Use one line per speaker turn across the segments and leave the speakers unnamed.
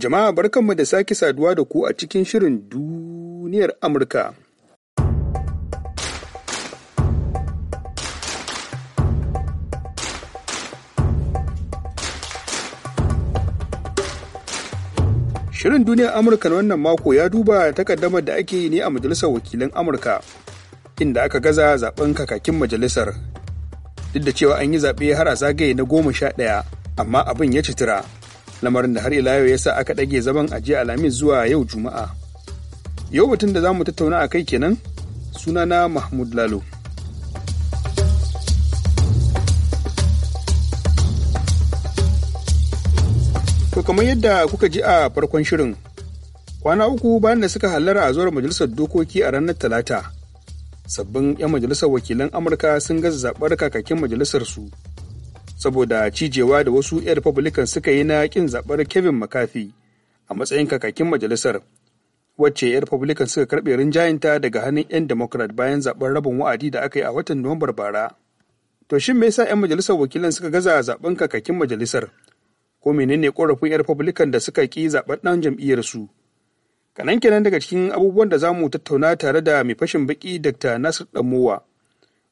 Jama'a barkanmu da sake saduwa da ku a cikin shirin duniyar Amurka. Shirin duniyar Amurka na wannan mako ya duba takaddamar da ake yi ne a Majalisar Wakilan Amurka, inda aka gaza zaben kakakin majalisar. Duk da cewa an yi zaɓe har a zagaye na goma sha ɗaya, amma abin ya citira. lamarin da har ila yau ya sa aka ɗage zaman ajiya alhamis zuwa yau juma'a yau batun da za mu tattauna a kai kenan sunana mahmud lalo to kamar yadda kuka ji a farkon shirin kwana uku bayan da suka hallara a zuwar majalisar dokoki a ranar talata sabbin 'yan majalisar wakilan amurka sun gaza zaɓar kakakin majalisar su saboda cijewa da wasu 'yan republican suka yi na kin zaɓar kevin mccarthy a matsayin kakakin majalisar wacce 'yan republican suka karɓe rinjayenta daga hannun 'yan democrat bayan zaɓar rabin wa'adi da aka yi a watan nuwambar bara to shin me yasa 'yan majalisar wakilan suka gaza zaɓen kakakin majalisar ko menene korafin 'yan republican da suka ki zaɓen ɗan su kanan kenan daga cikin abubuwan da za mu tattauna tare da mai fashin baki dr nasir damowa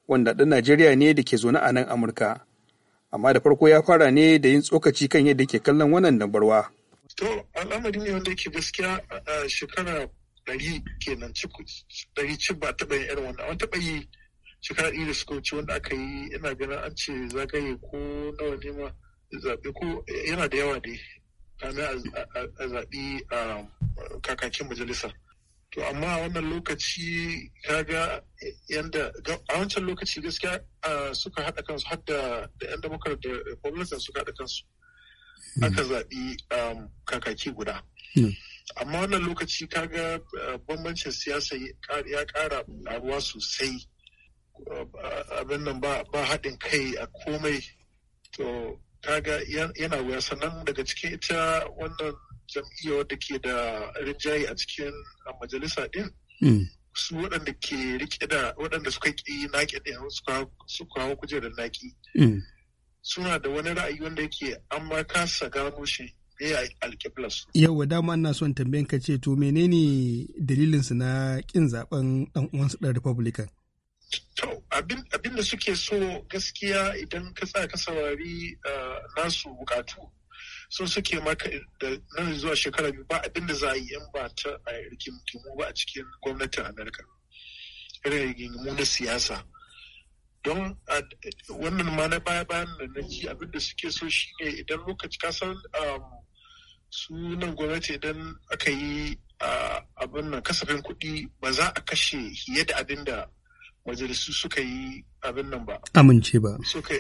wanda ɗan najeriya ne da ke zaune a nan amurka amma da farko ya fara ne da yin tsokaci kan yadda ke kallon wannan dambarwa.
To al'amari ne wanda yake gaskiya a shekara ɗari kenan ɗari ci ba taɓa yin irin wannan an taɓa yi shekara ɗari da suka wuce wanda aka yi ina ganin an ce zagaye ko nawa ne ma zaɓe ko yana da yawa dai kamin a zaɓi kakakin majalisa. to amma a wannan lokaci kaga yanda a wancan lokaci gaskiya suka haɗa kansu har da yan damakar da gwamnatin suka haɗa kansu hmm. aka zaɓi um, kakaki guda hmm. amma wannan lokaci kaga uh, bambancin siyasa ya ƙara ƙaruwa sosai uh, abin nan ba haɗin kai a komai to kaga yana wuya sannan daga cikin ita wannan jam'iyya wadda ke da rinjaye a cikin majalisa din hmm. su waɗanda ke rike da waɗanda suka ƙi naƙi ɗin su kawo kujerar naƙi hmm. suna da wani ra'ayi wanda yake an ma kasa gano shi
wa dama ana son tambayan ka ce to menene dalilinsu na ƙin zaɓen ɗan uwansu ɗan Republican?
To abin da suke so gaskiya idan ka sa ka saurari eh, nasu bukatu sun suke maka da nan zuwa shekara biyu ba abin da za a yi yan ba ta a mutumu ba a cikin gwamnatin amurka irin rigingimu na siyasa don wannan ma na baya bayan da na ci abin da suke so shi ne idan lokaci kasan um, su nan gwamnati idan aka yi abin nan kasafin kuɗi ba za a kashe fiye da abin da majalisu suka yi abin nan ba amince ba suka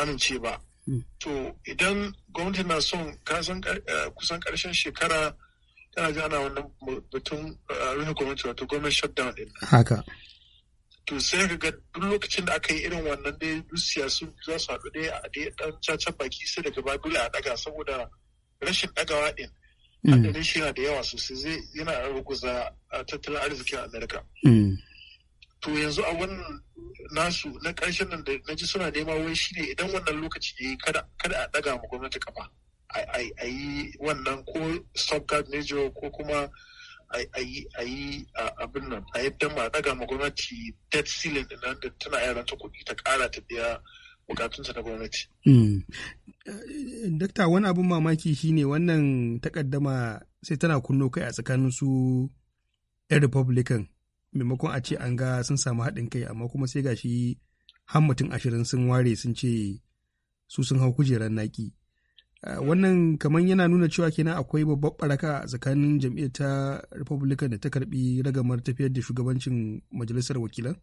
amince ba Mm. To idan gwamnati na son kasan eh, kusan karshen shekara tana ji ana wannan batun eh, rufe gwamnati wato gwamnati shutdown din. Haka. To sai ka ga duk lokacin da aka yi irin wannan dai duk sun za su haɗu dai a dai ɗan cacan baki sai daga dole a ɗaga saboda rashin ɗagawa din. Mm. Adadin shi yana da yawa sosai zai yana ruguza eh, tattalin arzikin Amerika. Mm. to yanzu a wannan nasu na karshen nan da na ji suna nema wai ne idan wannan lokaci ya yi kada a ɗaga ma gwamnati kafa a yi wannan ko subgard major ko kuma a yi abin nan a yadda ma ɗaga ma gwamnati dead ceiling din nan da tana yaranta kuɗi ta ƙara ta biya bukatunsa na gwamnati. Hmm.
Dokta wani abin mamaki shine wannan takaddama sai tana kunno kai a tsakanin su 'yan Republican maimakon a ce an ga sun samu haɗin kai amma kuma sai gashi har mutum ashirin sun ware sun ce su sun hau kujerar naki wannan kamar yana nuna cewa kenan akwai babbar baraka tsakanin jam'iyyar ta republican da ta karbi ragamar tafiyar da shugabancin majalisar wakilan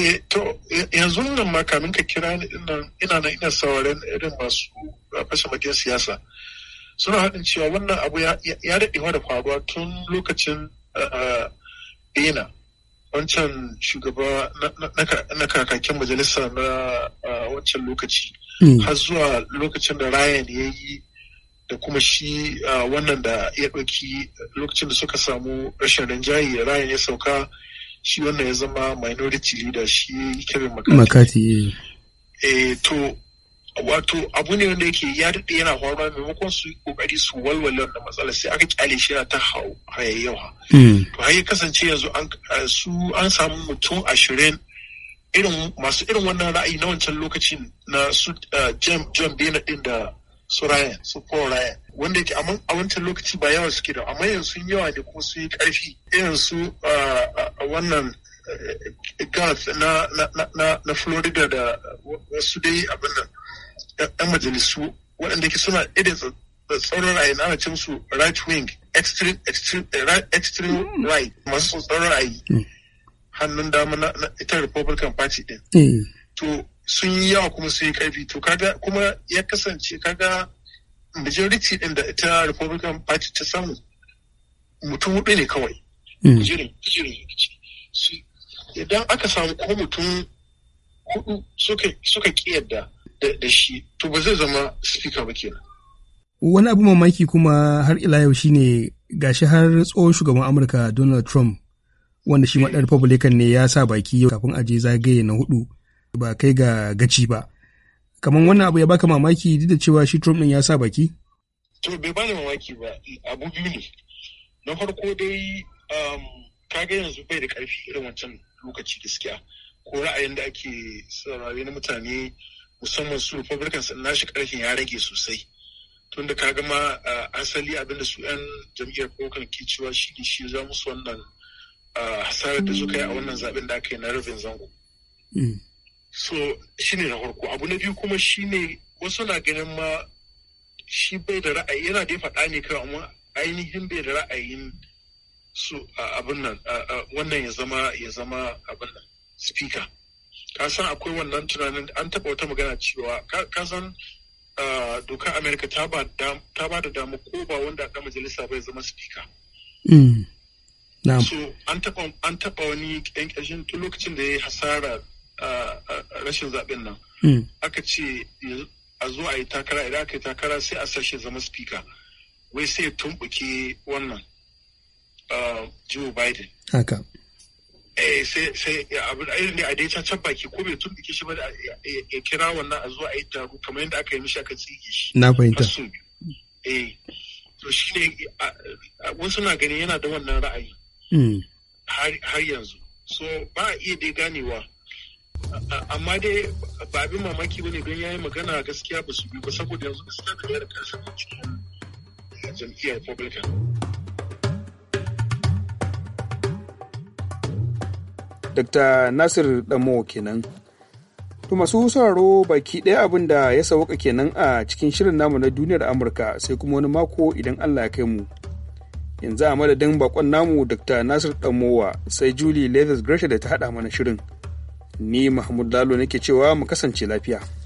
e, to yanzu nan ma kamin ka kira ni ina na ina sauran irin masu fashe magin siyasa suna haɗin cewa wannan abu ya daɗewa da faruwa tun lokacin ena eh, wancan shugaba na kakakin majalisa na wancan lokaci hmm. har zuwa lokacin da ryan ya yi da kuma shi wannan da ya ɗauki lokacin da suka samu rashin rinjaye ryan ya sauka shi wannan ya zama minority leader shi kevin
makati. Eh.
Eh, to wato abu ne wanda yake ya daɗe yana faruwa maimakon su kokari su walwale wannan matsala sai aka kyale shi yana ta hayayyawa hmm. to har ya kasance yanzu eh, su an samu mutum ashirin irin masu irin wannan ra'ayi na wancan lokacin na su eh, John Bena din da su Ryan su Paul Ryan wanda yake a wancan lokaci ba yawa suke da amma yanzu sun yawa ne kuma sun yi ƙarfi irin su eh, wannan Gath na Florida da wasu dai abin nan 'yan majalisu waɗanda ke suna irin tsaron ra'ayi ana cin su right wing extreme extreme eh, hmm. right masu tsaron ra'ayi hmm. hannun dama na ita republican party din hmm. to sun yi yawa kuma sun yi karfi to kaga kuma ya kasance kaga majority din da ita republican party ta samu mutum hudu ne kawai idan aka samu ko mutum hudu suka ƙi yadda da shi to ba zai zama speaker ba kenan
wani abu mamaki kuma har ila yau shine gashi har tsohon shugaban amurka donald trump wanda shi maɗan republican ne ya sa baki yau kafin aje zagaye na hudu ba kai ga gaci ba kamar wannan abu ya baka mamaki duk da cewa shi trump ɗin ya sa baki
to bai bani mamaki ba abu biyu ne na farko dai um, kaga yanzu bai da karfi irin wancan lokaci gaskiya ko ra'ayin da ake saurari na mutane musamman su republicans shi karfin ya rage sosai tun ah, da kaga ma asali abinda su 'yan jam'iyyar republican ke cewa shi ne shi za musu wannan ah, hasarar da suka yi a wannan zaben da aka yi na rufin zango mm. so shi ne na farko abu na biyu kuma shi ne wasu na ganin ma shi bai da ra'ayi yana da ya faɗa ne kawai amma ainihin bai da ra'ayin su ah, abin wannan ya zama ya zama abin speaker ka san akwai wannan tunanin an taɓa wata magana cewa ka san dokar amerika ta ba da damu ko ba wanda aka majalisa bai zama spika mm. so an taɓa wani yan ƙarshen tun lokacin da ya yi hasara rashin zaɓen nan mm. aka ce a zo a yi takara idan aka yi takara sai a sashe zama spika wai sai ya tumbuke wannan Joe Biden. Eh, sai sai eh, abin irin ne a dai ta baki ko bai tun dake shi ba
eh, ya kira wannan a zuwa a yi taro kamar yadda aka yi mishi aka tsige shi na fahimta eh
to shine wasu na ganin yana da wannan ra'ayi hmm. har yanzu so ba a iya dai ganewa amma dai ba abin mamaki bane don yayi magana gaskiya ba su bi ba saboda yanzu gaskiya kamar da karshen cikin jam'iyyar republican
Dr. Nasir Damo kenan. To masu sauraro baki ɗaya abin da ya sauka kenan a cikin shirin namu na duniyar Amurka sai kuma wani mako idan Allah ya kai mu. Yanzu a madadin bakon namu Dr. Nasir Damowa sai Julie Leathers Gresham da ta haɗa mana shirin. Ni Mahmud Lalo nake cewa mu kasance lafiya.